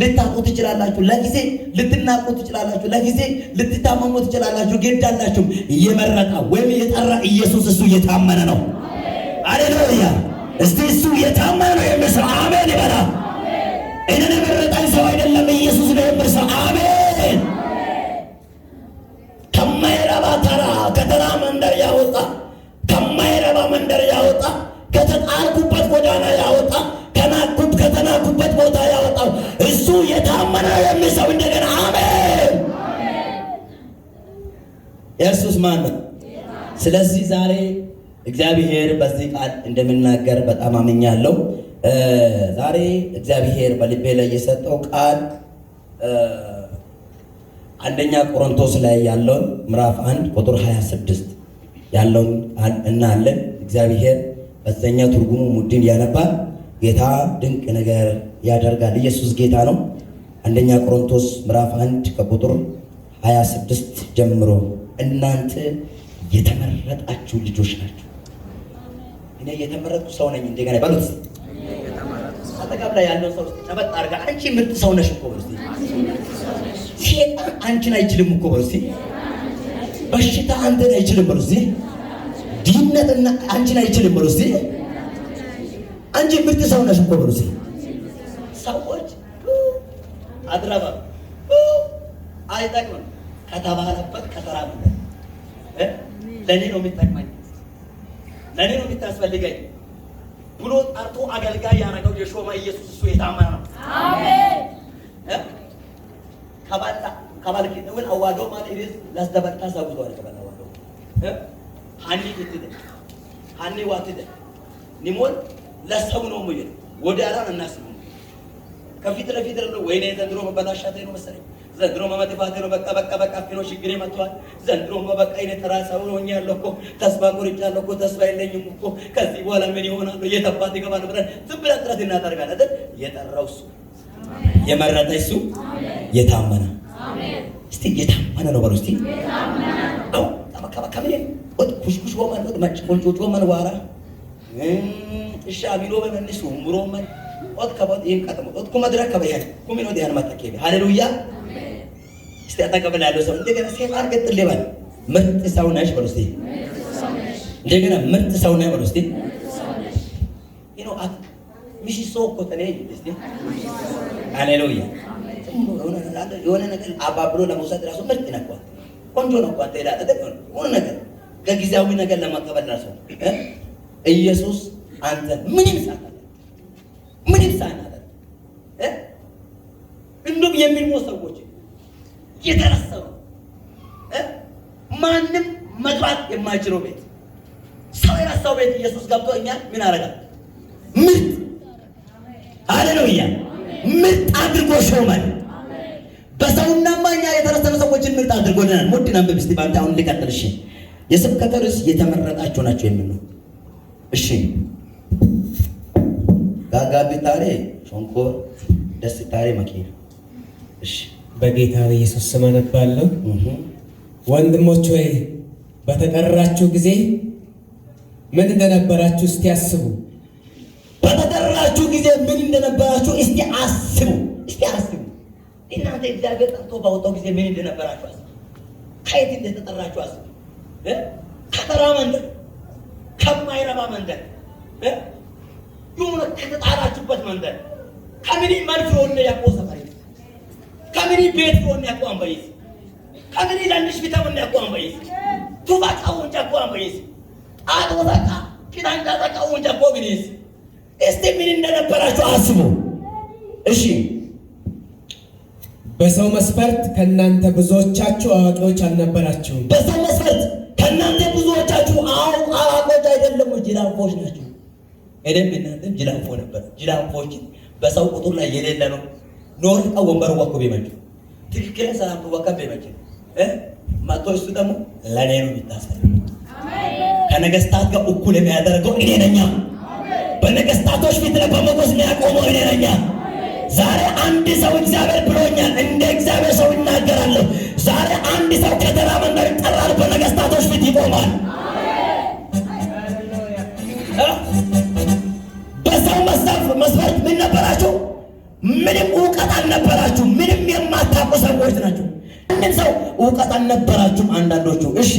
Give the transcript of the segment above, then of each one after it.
ልታውቁ ትችላላችሁ። ለጊዜ ልትናቁ ትችላላችሁ። ለጊዜ ልትታመሙ ትችላላችሁ። ግድ አላችሁም። እየመረጠ ወይም እየጠራ ኢየሱስ እሱ እየታመነ ነው። አሌሉያ! እስቲ እሱ እየታመነ ነው የሚል ሰው አሜን ይበላ። እኔን የመረጠኝ ሰው አይደለም ኢየሱስ ነው የሚል ሰው አሜን። ከማይረባ ተራ ከተራ መንደር ያወጣ ከማይረባ መንደር ያወጣ ከተጣልኩበት ጎዳና ያወጣ ነው የሚል ሰው እንደገና አሜን። ኢየሱስ ማን ነው? ስለዚህ ዛሬ እግዚአብሔር በዚህ ቃል እንደምናገር በጣም አምኛለሁ። ዛሬ እግዚአብሔር በልቤ ላይ የሰጠው ቃል አንደኛ ቆሮንቶስ ላይ ያለውን ምዕራፍ አንድ ቁጥር 26 ያለውን ቃል እናያለን። እግዚአብሔር በዚህኛው ትርጉሙ ሙድን ያነባል። ጌታ ድንቅ ነገር ያደርጋል። ኢየሱስ ጌታ ነው። አንደኛ ቆሮንቶስ ምዕራፍ 1 ከቁጥር 26 ጀምሮ እናንተ የተመረጣችሁ ልጆች ናችሁ። እኔ የተመረጥኩ ሰው ነኝ። እንደገና በሉት። አጠገብ ላይ ያለው ሰው ጨበጥ አድርጋ አንቺ ምርጥ ሰው ነሽ እኮ በሉት። ሴጣን አንቺን አይችልም እኮ በሉት። በሽታ አንተን አይችልም በሉት። ድህነትና አንቺን አይችልም በሉት። አንቺ ምርጥ ሰው ነሽ እኮ በሉት። አትረባም፣ አይጠቅምም። ከተባለበት ከተራመደ ለእኔ ነው የሚጠቅመኝ፣ ለእኔ ነው የሚታስፈልገኝ ብሎ ጠርቶ አገልጋይ ያደረገው የሾማ ኢየሱስ እሱ የታመነ ነው። ከባልኪውን አዋዶ ማለት ላስደበታ ዘጉዘዋል ከባል አዋዶ ሀኒ ትትደ ሀኒ ዋትደ ኒሞል ለሰው ነው ሙየ ወደ ያላን እናስነ ከፊት ለፊት ነው። ወይኔ ዘንድሮ መበላሻቴ ነው መሰለኝ። ዘንድሮ መመጥፋቴ ነው። በቃ በቃ በቃ ነው፣ ችግሬ መጥቷል። ዘንድሮ በቃ ይኔ ተራ ሰው ሆኛለሁ እኮ ተስፋ ቆርጫለሁ እኮ ተስፋ የለኝም እኮ ከዚህ በኋላ ምን ይሆናል? የተባት ይገባል ብለን ዝም ብለን ጥረት እናደርጋለን። የጠራው እሱ የመረጠ እሱ የታመነ እስቲ የታመነ ነው በሉ እስቲ በቃ በቃ ምን ወጥ ሆመን ወጥ መጭ ወንጆች ወመን ዋራ እሺ ቢሎ በመንስ ውምሮ መን ኦት ከቦት ይህን ቀጥሞ ኦት ኩመድረ ከበያን ኩሚኖ ዲያን ማጠኬ ሃሌሉያ። እስቲ አጠገብላ ሰው እንደገና ሴት አርገጥል በል ምርጥ ሰው ነሽ በሉ እስቲ። እንደገና ምርጥ ሰው ነሽ በሉ እስቲ። ሚሽ ሰው እኮ ተለያዩ እስቲ። ሃሌሉያ። የሆነ ነገር አባብሎ ለመውሰድ ራሱ ምርጥ ነኳ ቆንጆ ነው እኮ አትሄዳ አጠገብ ሆነ ነገር ከጊዜያዊ ነገር ለማቀበል ራሱ ኢየሱስ አንተ ምንም ሳታ ምንም ሳናደርግ እንደውም የሚሞት ሰዎች የተረሰሩ ማንም መግባት የማይችለው ቤት ሰው የረሳው ቤት ኢየሱስ ገብቶ እኛን ምን አደረጋል? ምርጥ ሃሌሉያ፣ ምርጥ አድርጎ ሾመን። በሰውና ማኛ የተረሰነ ሰዎችን ምርጥ አድርጎልናል። ሙድ ነንብ ብስቲ ባንተ አሁን ልቀጥል። እሺ የስብከተ ርዕስ የተመረጣችሁ ናቸው የምንለው እሺ ጋጋቢ ታሬ ሾንኮር ደስ ታሬ መኪና እሺ። በጌታ በኢየሱስ ስም አነባለሁ። ወንድሞች ሆይ በተጠራችሁ ጊዜ ምን እንደነበራችሁ እስቲ አስቡ። በተጠራችሁ ጊዜ ምን እንደነበራችሁ እስቲ አስቡ። እስቲ አስቡ። እናንተ እግዚአብሔር ጠርቶ ባወጣው ጊዜ ምን እንደነበራችሁ አስቡ። ከየት እንደተጠራችሁ አስቡ። ከተራ መንደር፣ ከማይረባ መንደር ዱመት ከተጣላችሁበት መንደር ከምን መርፍ ሆነ ያቆ ሰፈሪ ከምን ቤት ሆነ ያቆ አንበይስ ከምን ለንሽ ቢታ ሆነ ያቆ አንበይስ ቱፋ ታውን ጃቆ አንበይስ አቶ ዘካ ኪዳን ዳዛቃውን ጃቆ ቢኒስ እስቲ ምን እንደነበራችሁ አስቡ። እሺ በሰው መስፈርት ከእናንተ ብዙዎቻችሁ አዋቂዎች አልነበራችሁም። በሰው መስፈርት ከእናንተ ብዙዎቻችሁ አዋቂዎች አይደለም፣ ጅላንፎች ናቸው። ኤደን እናንተም ጅላንፎ ነበር። ጅላንፎችን በሰው ቁጥር ላይ የሌለ ነው። ኖር ወንበሩ ወኮ ቢመጭ ትክክለ ሰላም ወከብ ቢመጭ መጥቶ እሱ ደግሞ ለኔ ነው የሚታሰብ ከነገስታት ጋር እኩል የሚያደርገው እኔ ነኝ። በነገስታቶች ፊት ለመቆስ የሚያቆመው እኔ ነኝ። ዛሬ አንድ ሰው እግዚአብሔር ብሎኛል፣ እንደ እግዚአብሔር ሰው እናገራለሁ። ዛሬ አንድ ሰው ከተራ መንደር ይጠራል፣ በነገስታቶች ፊት ይቆማል። መስፈርት ምን ነበራችሁ? ምንም እውቀት አልነበራችሁ። ምንም የማታውቁ ሰዎች ናቸው። አንድን ሰው እውቀት አልነበራችሁም። አንዳንዶቹ እሺ፣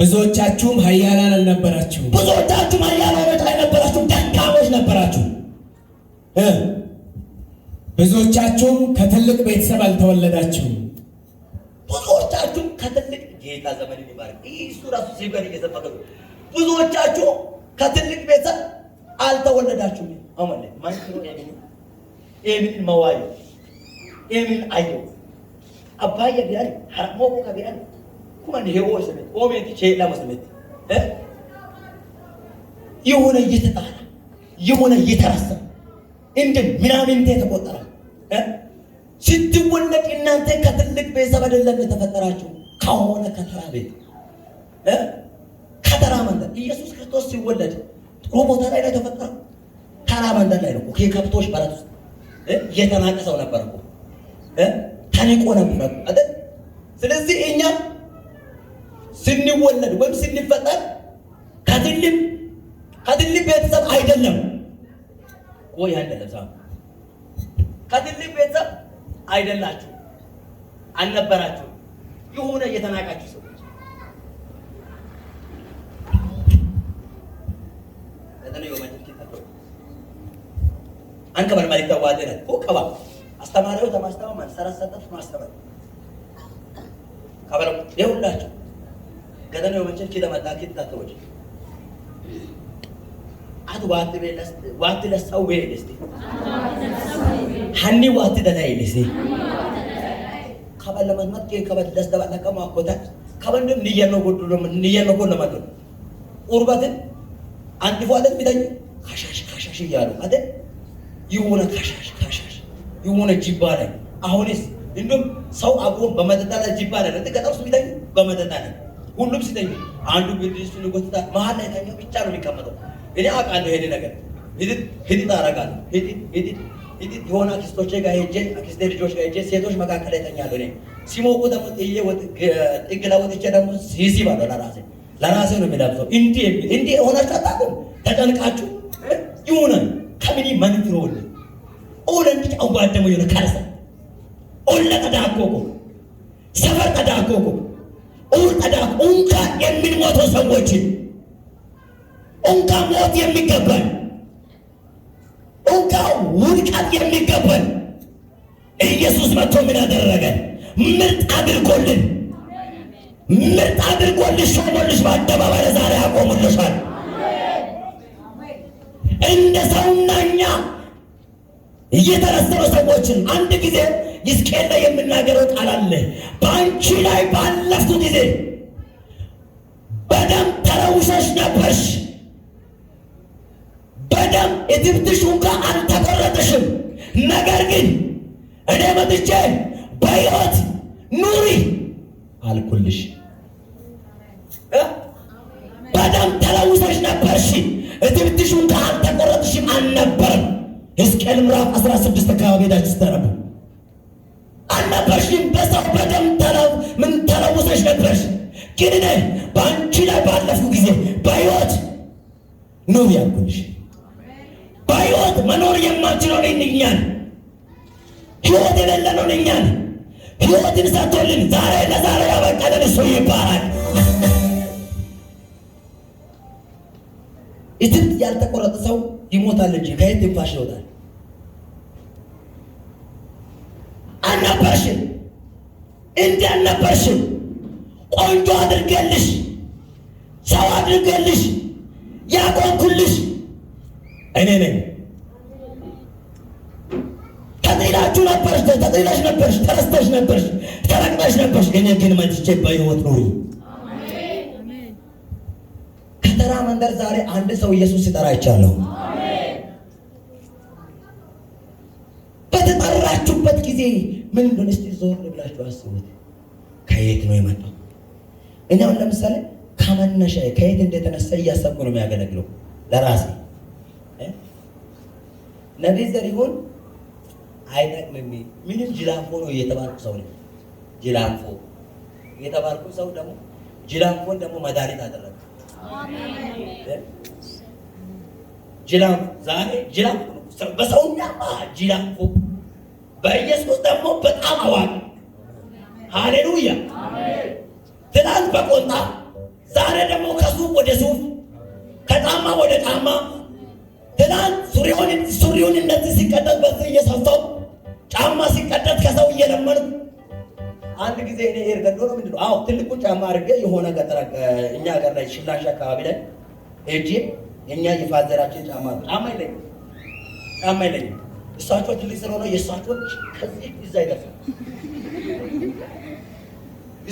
ብዙዎቻችሁም ኃያላን አልነበራችሁም። ብዙዎቻችሁም ሀያላኖች አልነበራችሁም፣ ደካሞች ነበራችሁ። ብዙዎቻችሁም ከትልቅ ቤተሰብ አልተወለዳችሁም። ብዙዎቻችሁም ከትልቅ ጌታ ዘመን ይባል ይህ እሱ ራሱ ሲበል እየሰበከ ብዙዎቻችሁ ከትልቅ ቤተሰብ አልተወለዳችሁም። አሁን ማይክሮ ኤብን መዋዩ ኤብን አየሁ አባየ ቢያል ሀርሞ ቆቀ ኩመን ሄቦ ስለት ኦሜት ቼላ መስለት የሆነ እየተጣላ የሆነ እየተረሳ እንደ ምናምንቴ ተቆጠረ። ስትወለድ እናንተ ከትልቅ ቤተሰብ አይደለም የተፈጠራችሁ ከሆነ ከተራ ቤት ከተራ መንደር ኢየሱስ ክርስቶስ ሲወለድ ጥሩ ቦታ ላይ ነው የተፈጠረው። ተራ መንደር ላይ ነው። ከከብቶች በረት ውስጥ የተናቀ ነበር እኮ ተንቆ ነበር አይደል? ስለዚህ እኛ ስንወለድ ወይም ስንፈጠር ከትልቅ ከትልቅ ቤተሰብ አይደለም ወይ አይደለም ሳ ከትልቅ ቤተሰብ አይደላችሁ አልነበራችሁ የሆነ እየተናቃችሁ ሰው fudhatanii yoo maalitti ta'u. Anka mana maalitti awwaatee nati koo qaba. አስተማሪዎች ለማስተማር ሰረሰጠት ማስተማር ከበለ የሁላችሁ ገደን የመቸል ኪ ለመጣኪ ተወጭ አቱ ዋት ቤለስ ዋት ለሰው ቤለስ ሀኒ ዋት ደላይ ለስ ከበለ ለማመት ከ ከበለ ለስ ደባ ለቀማ ኮታ ከበለ ንየነጎዱ ንየነጎ ማለት ቁርበትን አንድ ፏለት ቢታኝ ካሻሽ ካሻሽ እያሉ አደ የሆነ ካሻሽ ካሻሽ የሆነ ጅባ ላይ አሁንስ እንዲሁም ሰው አብሮ ላይ ጅባ ላይ እንደ ቢታኝ ቢተኙ ላይ ሁሉም ሲተኙ አንዱ ግድስ ንጎትታል መሀል ላይ ታኛ ብቻ ነው የሚቀመጠው። እኔ አውቃለሁ ይሄን ነገር ሂድት ሂድት አደርጋለሁ ሂድት ሂድት ሂድት የሆነ አክስቶቼ ጋር ሄጄ አክስቴ ልጆች ጋር ሄጄ ሴቶች መካከል ላይ እኔ ሲሞቁ ደግሞ ጥዬ ጥግ ላይ ወጥቼ ደግሞ ሲሲ ባለላ ራሴ ለራሴ ነው የሚዳብሰው። እንዲህ እንዲህ ሆናችሁ አታውቁም? ተጨንቃችሁ ይሁን ከምን ወለ መንትሮል ኦለንቲ አዋደሙ የሆነ ካልሰ ኦለ ተዳኮቁ ሰፈር ተዳኮቁ ኦል ተዳኮ እንካ የምንሞተው ሰዎችን እንካ ሞት የሚገባል እንካ ውድቀት የሚገባል ኢየሱስ መጥቶ ምን አደረገ? ምርጥ አድርጎልን ምርጥ አድርጎልሽ ሾሞልሽ በአደባባይ ዛሬ ያቆሙልሻል። እንደ ሰውና እኛ እየተረሰሩ ሰዎችን አንድ ጊዜ ይስቄል ላይ የምናገረው ቃል አለ። በአንቺ ላይ ባለፍኩ ጊዜ በደም ተረውሰሽ ነበርሽ። በደም የትብትሽ ውጋ አልተቆረጥሽም። ነገር ግን እኔ መጥቼ በሕይወት ኑሪ አልኩልሽ። በጣም ተለውሰሽ ነበርሽ። እትብትሽ እንደ አልተቆረጥሽም አልነበርም። ሕዝቅኤል ምዕራፍ 16 አካባቢ ሄዳችሁ ስታነቡ አልነበርሽም። በሰው በደም ተለው ምን ተለውሰሽ ነበርሽ። ግን እኔ በአንቺ ላይ ባለፉ ጊዜ በህይወት ኑር ያልኩልሽ በህይወት መኖር የማችለው ነኝ እኛን ህይወት የሌለ ነው እኛን ህይወትን ሰጥቶልን ዛሬ ለዛሬ ያበቀለን እሱ ይባላል። እትብት ያልተቆረጠ ሰው ይሞታል እንጂ ከየት ትንፋሽ ይወጣል? አልነበርሽም፣ እንዲህ አልነበርሽም። ቆንጆ አድርገልሽ፣ ሰው አድርገልሽ፣ ያቆንኩልሽ እኔ ነኝ። ሞታችሁ ነበርሽ፣ ተጥለሽ ነበርሽ፣ ተረስተሽ ነበርሽ፣ ተረግመሽ ነበርሽ። እኔ ግን መጥቼ በሕይወት ኖሪ። ከተራ መንደር ዛሬ አንድ ሰው ኢየሱስ ሲጠራ ይቻለሁ። በተጠራችሁበት ጊዜ ምን እንደሆነ እስቲ ዞር ብላችሁ አስቡት። ከየት ነው የመጣው? እኔ አሁን ለምሳሌ ከመነሻ ከየት እንደተነሳ እያሰብኩ ነው የሚያገለግለው ለራሴ ነቢይ ዘሪሁን አይጠቅምም። ምንም ጅላንፎ ነው የተባልኩ ሰው ነው። ጅላንፎ የተባልኩ ሰው ደግሞ ጅላንፎን ደግሞ መድኃኒት አደረገ። ጅላንፎ ዛሬ ጅላንፎ በሰውና ጅላንፎ በኢየሱስ ደግሞ በጣም አዋቂ ሃሌሉያ። ትናንት በቆጣ ዛሬ ደግሞ ከሱፍ ወደ ሱፍ ከጫማ ወደ ጫማ ትናንት ሱሪውን እንደዚህ ሲቀጠል በዚህ እየሰፋው ጫማ ሲቀደድ ከሰው እየለመን አንድ ጊዜ እኔ ይሄ ገዶ ነው ምንድነው? አዎ ትልቁን ጫማ አድርጌ የሆነ ገጠር እኛ ሀገር ላይ ሽላሽ አካባቢ ላይ ሄጄ የእኛ የፋዘራችን ጫማ ጫማ የለኝም፣ ጫማ የለኝም። እሳቸው ትልቅ ስለሆነ የእሳቸው ከዚህ እዛ አይደርሱም።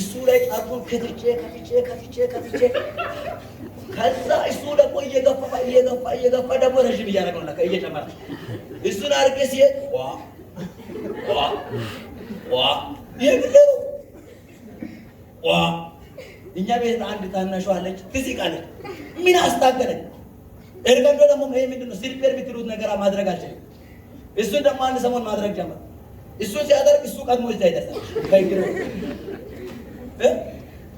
እሱ ላይ ጫፉን ከፍቼ ከፍቼ ከፍቼ ከፍቼ ከዛ እሱ ደግሞ እየገፋ እየገፋ እየገፋ ደግሞ ረዥም እያደረገው እየጨመረ እሱን አድርጌ ሲሄድ እኛ ቤት አንድ ታናሽ አለች፣ ትስቃለች። ምን አስታገለኝ? ደግሞ ይሄ ምንድን ነው የምትሉት ነገር ማድረግ አልችልም። እሱን ደግሞ አንድ ሰሞን ማድረግ ጀመር። እሱን ሲያደርግ እሱ ቀድሞ እዛ ይደርሳል። ከእግሬ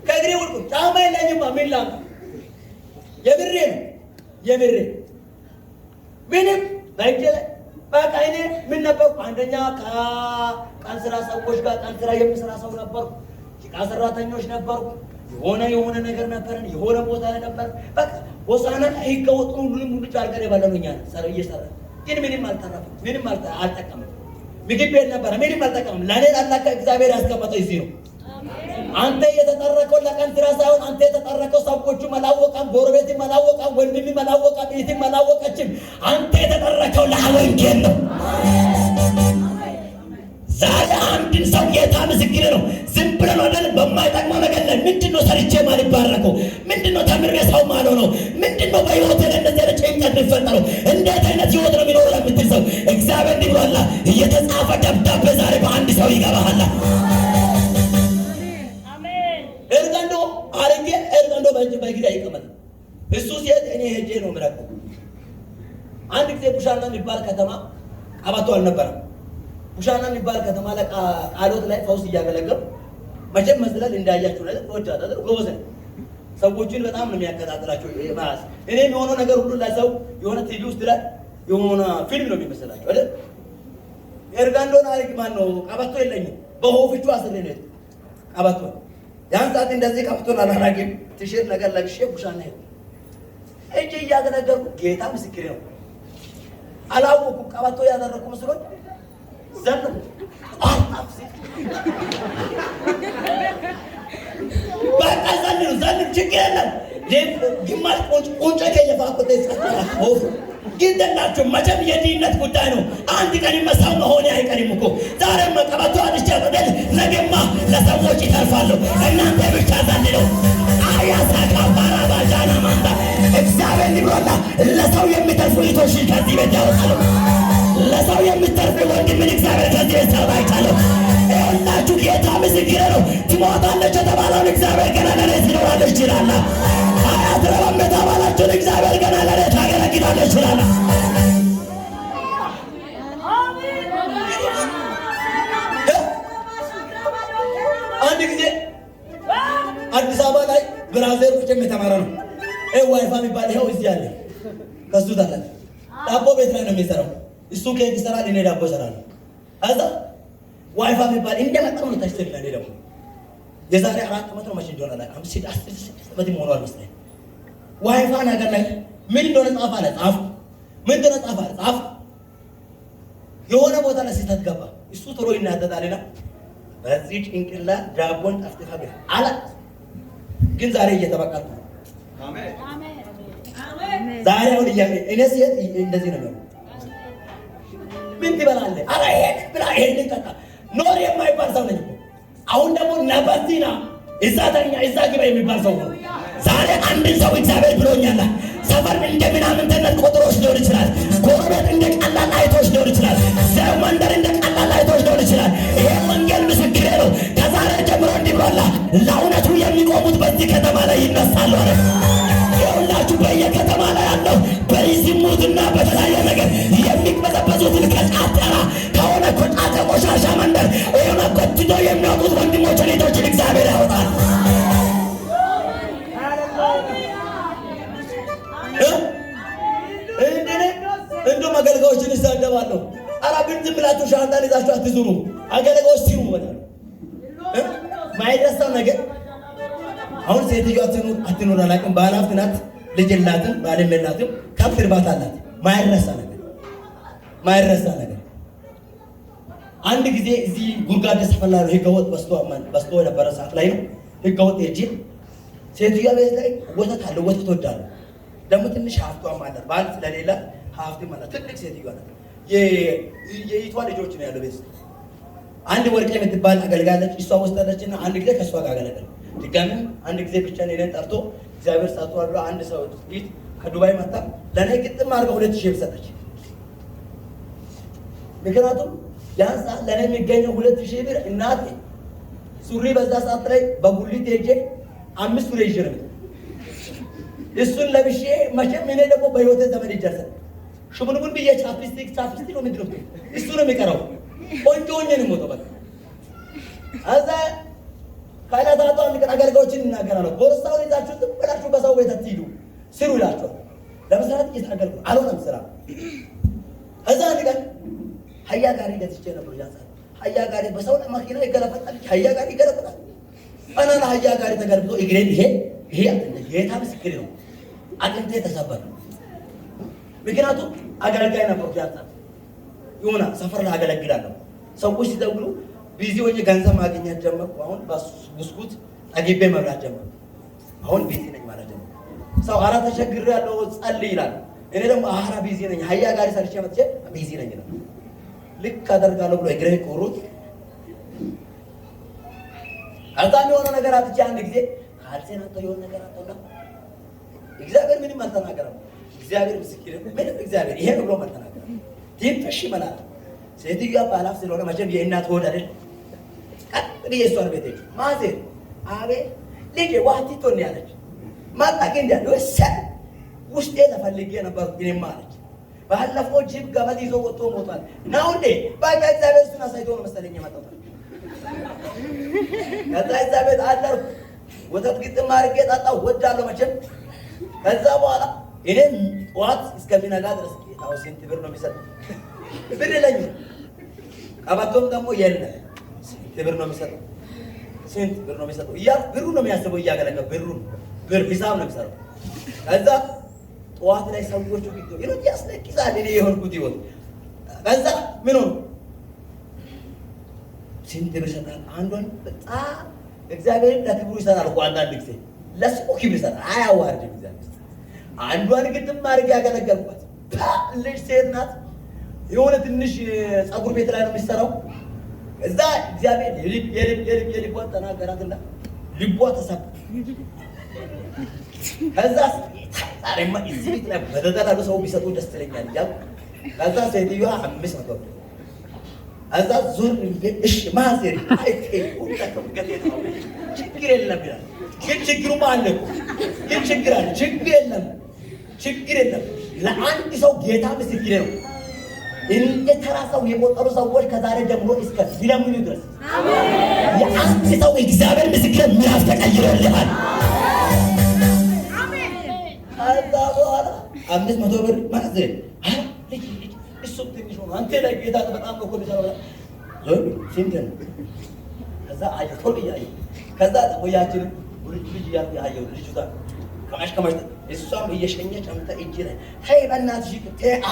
ከእግሬ ውልቁ ጫማ የለኝማ ምን ላም የምሬ ነው የምሬ ምንም በእጄ ላይ በቃ እኔ ምን ነበርኩ? አንደኛ ከቀን ስራ ሰዎች ጋር ቀን ስራ የምሰራ ሰው ነበርኩ። ጭቃ ሰራተኞች ነበርኩ። የሆነ የሆነ ነገር ነበረን፣ የሆነ ቦታ ላይ ነበር። በቃ ወሳናን አይቀወጥ ሁሉንም ሁሉ ጫርገን የበለኑኛል ሰር እየሰራ ግን ምንም አልተረፈም፣ ምንም አልጠቀምም። ምግብ ቤት ነበረ፣ ምንም አልጠቀምም። ለእኔ ላላከ እግዚአብሔር ያስቀመጠው እዚህ ነው። አንተ የተጠረቀው ለቀን ስራ ሳይሆን አንተ የተጠረቀው ሰዎቹ አላወቀም፣ ጎረቤትም አላወቀም፣ ወንድምም አላወቀም፣ እህትም አላወቀችም። አንተ የተጠረ ለወንጌል ነው። ዛሬ አንድን ሰው ጌታ ምስክር ነው። ዝም ብለን በማይጠቅመው ነገር ላይ ሰርቼ ተምሬ ሰው በህይወት ላይ እንደዚህ አይነት ጭንቀት የሚፈጠረው? እንዴት አይነት ህይወት ነው የሚኖረው ሰው እግዚአብሔር እየተጻፈ ደብዳቤ ዛሬ በአንድ ሰው አርጌ በእጅ ይቀመጥ እሱ እኔ ሄጄ ነው ምረቁ አንድ ጊዜ ቡሻና የሚባል ከተማ ቀበቶ አልነበረም። ቡሻና የሚባል ከተማ ቃሎት ላይ ፈውስ እያገለገሉ መቼም መዝለል እንዳያችሁ ነገር ወጃታለ ጎበዝ ነው። ሰዎችን በጣም ነው የሚያከታተላቸው። ይባስ እኔ የሆነው ነገር ሁሉ ለሰው የሆነ ቲቪ ውስጥ ላይ የሆነ ፊልም ነው የሚመስላቸው አይደል? ኤርጋንዶን አሪክ ማን ነው ቀበቶ የለኝም በሆፍቹ አስሬ ነው ቀበቶ ያን ሰዓት እንደዚህ ቀበቶን አላራግም ቲሸርት ነገር ለብሼ ቡሻና ሄድኩ እንጂ እያገለገልኩ ጌታ ምስክሬ ነው። አላወኩም። ቀበቶ ያደረኩ መስሎኝ ዘንቡ በቃ ዘንብ ዘንብ ችግር የለም። ግማሽ ቆንጮ የፋኮቴ ግንደናቸው መቼም የድህነት ጉዳይ ነው። አንድ ቀን መሳው መሆኔ አይቀርም እኮ ዛሬም ቀበቶ አድርሻ በደል ነገማ ለሰዎች ይተርፋለሁ። እናንተ ብቻ ዘንድ ነው ለሰው የሚተርፉ እህቶችን ከዚህ ቤት ያወስሉ። ለሰው የሚተርፉ ወንድምን እግዚአብሔር ከዚህ ቤት ሰው አይቻለሁ። ጌታ ምስክሬ ነው። ትሞታለች የተባለውን እግዚአብሔር ገና ለእኔ ትኖራለች ይችላል። አያትረባም የተባላችሁን እግዚአብሔር ገና ለእኔ ታገለግላለች ይችላል። አንድ ጊዜ አዲስ አበባ ላይ ብራዘር ውጭ የተማረ ነው ዋይፋ የሚባል ይኸው እዚህ አለ ከሱ ታላቅ ዳቦ ቤት ላይ ነው የሚሰራው። እሱ ኬክ ይሰራል፣ እኔ ዳቦ ይሰራል። አዛ ዋይፋ የሚባል እንደመጣው ነው ታስተል ላይ ደግሞ የዛሬ አራት ዓመት ነው ማሽን ጆና ላይ አምስት አስር ስድስት ዓመት ይሞላል መሰለኝ። ዋይፋ ነገር ላይ ምን እንደሆነ ጻፍ አለ ጻፍ፣ ምን እንደሆነ ጻፍ አለ ጻፍ። የሆነ ቦታ ላይ ስህተት ገባ። እሱ ቶሎ ይናደዳልና በዚህ ጭንቅላት ዳቦን ጠፍጥፋ አላት። ግን ዛሬ እየተበቀልኩ ነው። አሜን ዛሬ አሁን እያ እኔ ሴት እንደዚህ ነው ምን ትበላለህ? ኧረ ይሄን ብላ ይሄን ጠጣ ኖር የማይባል ሰው ነኝ። አሁን ደግሞ ነበርቲና እዛ ተኛ እዛ ግባ የሚባል ሰው ነው። ዛሬ አንድን ሰው እግዚአብሔር ብሎኛል። ሰፈር እንደ ምናምንትነት ቆጥሮች ሊሆን ይችላል። ጎረቤት እንደ ቀላል አይቶች ሊሆን ይችላል። ዘር መንደር እንደ ቀላል አይቶች ሊሆን ይችላል። ይሄ ወንጌል ምስክሬ ነው። ከዛሬ ጀምሮ እንዲህ ለእውነቱ የሚቆሙት በዚህ ከተማ ላይ ይነሳሉ አለ ሁላችሁ በየከተማ ላይ ያለው በዝሙትና በተለያየ ነገር የሚቅበዘበዙት ልቀት አጠራ ከሆነ ኮጣተ ቆሻሻ መንደር የሆነ ቆትቶ የሚያውቁት ወንድሞች ሌቶችን እግዚአብሔር ያወጣል። እንዶ አገልጋዮችን ይሳደባለሁ። ኧረ ግን ዝም ብላችሁ ይዛችሁ አትዙሩ። አገልጋዮች ሲሩ ወደ ማይደሳ ነገር አሁን ሴትዮዋ አትኑር አላውቅም። ባለሀብት ናት ልጅ የላትም፣ ባልም የላትም፣ ከብት እርባታ አላት። ማይረሳ ነገር ማይረሳ ነገር። አንድ ጊዜ እዚህ ጉድጓድ ተፈላ ነው ህገወጥ በስቶ በስቶ ነበረ። ሰዓት ላይ ነው ህገወጥ እጅ ሴትዮዋ ቤት ላይ ወተት አለ፣ ወተት ወዳለሁ ደግሞ ትንሽ ሀብቷም አለ። ባል ስለሌላ ሀብትም አላት። ትልቅ ሴትዮዋ ናት። የይቷ ልጆች ነው ያለው ቤት አንድ ወርቅ የምትባል አገልጋለች። እሷ እና አንድ ጊዜ ከእሷ ጋር አገለገለ። ድጋሚም አንድ ጊዜ ብቻ እኔን ጠርቶ እግዚአብሔር ሳትዋሉ አንድ ሰው ፊት ከዱባይ መጣ። ለእኔ ግጥም አድርጋ ሁለት ሺህ ሰጠች ምክንያቱም ያን ሰዓት ለኔ የሚገኘው ሁለት ሺህ ብር እናቴ ሱሪ በዛ ሰዓት ላይ በጉሊት ሄጄ አምስት ሱሪ ይዤ ነው እሱን ለብሼ መቼም እኔ ደግሞ በህይወቴ ዘመን ይደርሳል ሽሙንሙን ብዬ ቻፕስቲክ ቻፕስቲክ ነው ምንድነው እሱ ነው የሚቀረው። ቆንጆ ሆኜ ነው ሞቶ በቃ እዛ ከዕለታቷ የሚቀር አገልጋዮችን እናገራለሁ ቦርሳውን ይዛችሁትም በሰው ቤት አትሂዱ፣ ስሩ ይላቸዋል። ለመስራት እየታገልኩ አልሆነም ስራ። እዛ አንድ ቀን ሀያ ጋሪ ገዝቼ ነበር። ያ ሀያ ጋሪ በሰው መኪና ይገለበጣል፣ ሀያ ጋሪ ይገለበጣል። አናና ሀያ ጋሪ ተገልብጦ እግሬን ይሄ ይሄ ጌታ ምስክር ነው፣ አጥንቴ ተሰበረ። ምክንያቱም አገልጋይ ነበር። ያ የሆነ ሰፈር ላይ አገለግላለሁ። ሰዎች ሲደውሉ ቢዚ ሆኜ ገንዘብ ማግኘት ጀመርኩ። አሁን ብስኩት ጠግቤ መብላት ጀመርኩ። አሁን ቢዚ ነኝ ማለት ነው። ሰው አራ ተቸግሬ ያለው ጸልይ ይላል። እኔ ደግሞ አራ ቢዚ ነኝ ሀያ ጋሪ ሰርቼ መጥቼ ቢዚ ነኝ ነው። ልክ አደርጋለሁ ብሎ እግሬ ቆሩት። ከዛ የሆነ ነገር አትቼ አንድ ጊዜ ካልሴን አንተ የሆነ ነገር አጥቶና እግዚአብሔር ምንም አልተናገረም። እግዚአብሔር ምስክር ምንም እግዚአብሔር ይሄ ብሎ አልተናገረም። ትንሽ ይመላል። ሴትዮዋ ባላፍ ስለሆነ መቼም የእናት ሆድ አይደል ቀጥ የእሷን ቤት ሄዱ ማዜር አቤት ልጄ ዋቲቶ እንዲ አለች። መጣ ግን እንዲ ውስጤ ተፈልጌ ነበር ግንማ አለች። ባለፈው ጅብ ገመድ ይዞ ወጥቶ ሞቷል እና ሁንዴ በቃ እግዚአብሔር እሱን አሳይቶ ነው መሰለኝ የመጣሁት። ከዛ እግዚአብሔር አደርኩ ወተት ግጥም አድርጌ ጠጣሁ። ወዳለሁ መቼም ከዛ በኋላ እኔም ጠዋት እስከሚነጋ ድረስ ጌታው ስንት ብር ነው የሚሰጥ? ብር የለኝም። ቀበቶም ደግሞ የለ። ስንት ብር ነው የሚሰጥ? ሴንት ብር ነው የሚሰጠው እያ ብሩ ነው የሚያስበው እያገለገ ብሩ ብር ሂሳብ ነው የሚሰራው። ከዛ ጠዋት ላይ ሰዎቹ ይኸው ያስለቅሳል። እኔ የሆንኩት ይሆን ከዛ ምን ሆኑ ስንት ብር ይሰጣል። አንዷን በጣም እግዚአብሔር ለክብሩ ይሰጣል እኮ አንዳንድ ጊዜ ለሱ ክብር ይሰጣል። አያዋርድ እግዚአብሔር። አንዷን ግድም አድርግ ያገለገልኳት ልጅ ሴት ናት። የሆነ ትንሽ ፀጉር ቤት ላይ ነው የሚሰራው እዛ እግዚአብሔር የልብ የልቧን ተናገራትና ልቧ ተሰብ ከዛ ዛሬማ እዚህ ቤት ላይ በተደረገ ሰው ቢሰጡ ደስ ይለኛል እያሉ ከዛ ሴትዮዋ አምስት መቶ እዛ ዙር እሺ ማዘር ችግር የለም ይላል። ግን ችግሩማ አለ ግን ችግር አለ። ችግር የለም ችግር የለም። ለአንድ ሰው ጌታ ምስክር ነው። እንደተራ ሰው የቆጠሩ ሰዎች ከዛሬ ጀምሮ እስከ ሲለምኑ ድረስ የአንድ ሰው እግዚአብሔር ምስክር ምዕራፍ ተቀይሮልሃል። ከዛ በኋላ አምስት መቶ ብር ማለት እሱም ትንሽ ሆኖ አንተ ላይ ጌታ በጣም እኮ ስንት ነው? ከዛ አየሁ ቶሎ እያየሁ ከዛ ቆያችን ልጅ እያልኩ ያየሁ ልጅ ከማሽ ከማሽ እሷም እየሸኘች አንተ እጅ ላይ ሄይ ሽ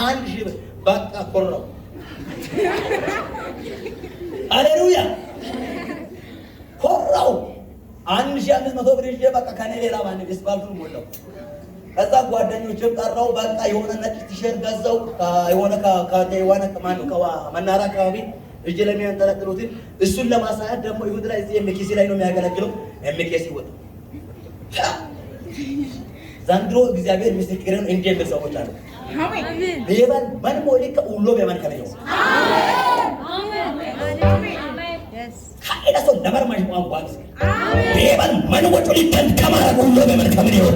አንድ ሽ ብር በቃ ኮራው። አሌሉያ ኮራው። አንድ ሺ አምስት መቶ ብር ይዤ በቃ ከኔ ሌላ ማንም ስባልቱን ሞላው። ከዛ ጓደኞችም ጠራው። በቃ የሆነ ነጭ ቲሸርት ገዛው። የሆነ ከሆነ ማን መናራ አካባቢ እጅ ለሚያንጠለጥሉትን እሱን ለማሳያት ደግሞ ይሁድ ላይ እዚህ ኤምኬሲ ላይ ነው የሚያገለግለው። ኤምኬሲ ወጣ ዘንድሮ እግዚአብሔር ምስክርን እንዲምል ሰዎች አሉ። ይበል ማንም ወደ ከሁሎ በማን ከበለው ካይዳ ሰው ለመርማሽ ቋንቋ ይበል ማንም ወደ ከማራ ሁሎ በማን ከበለው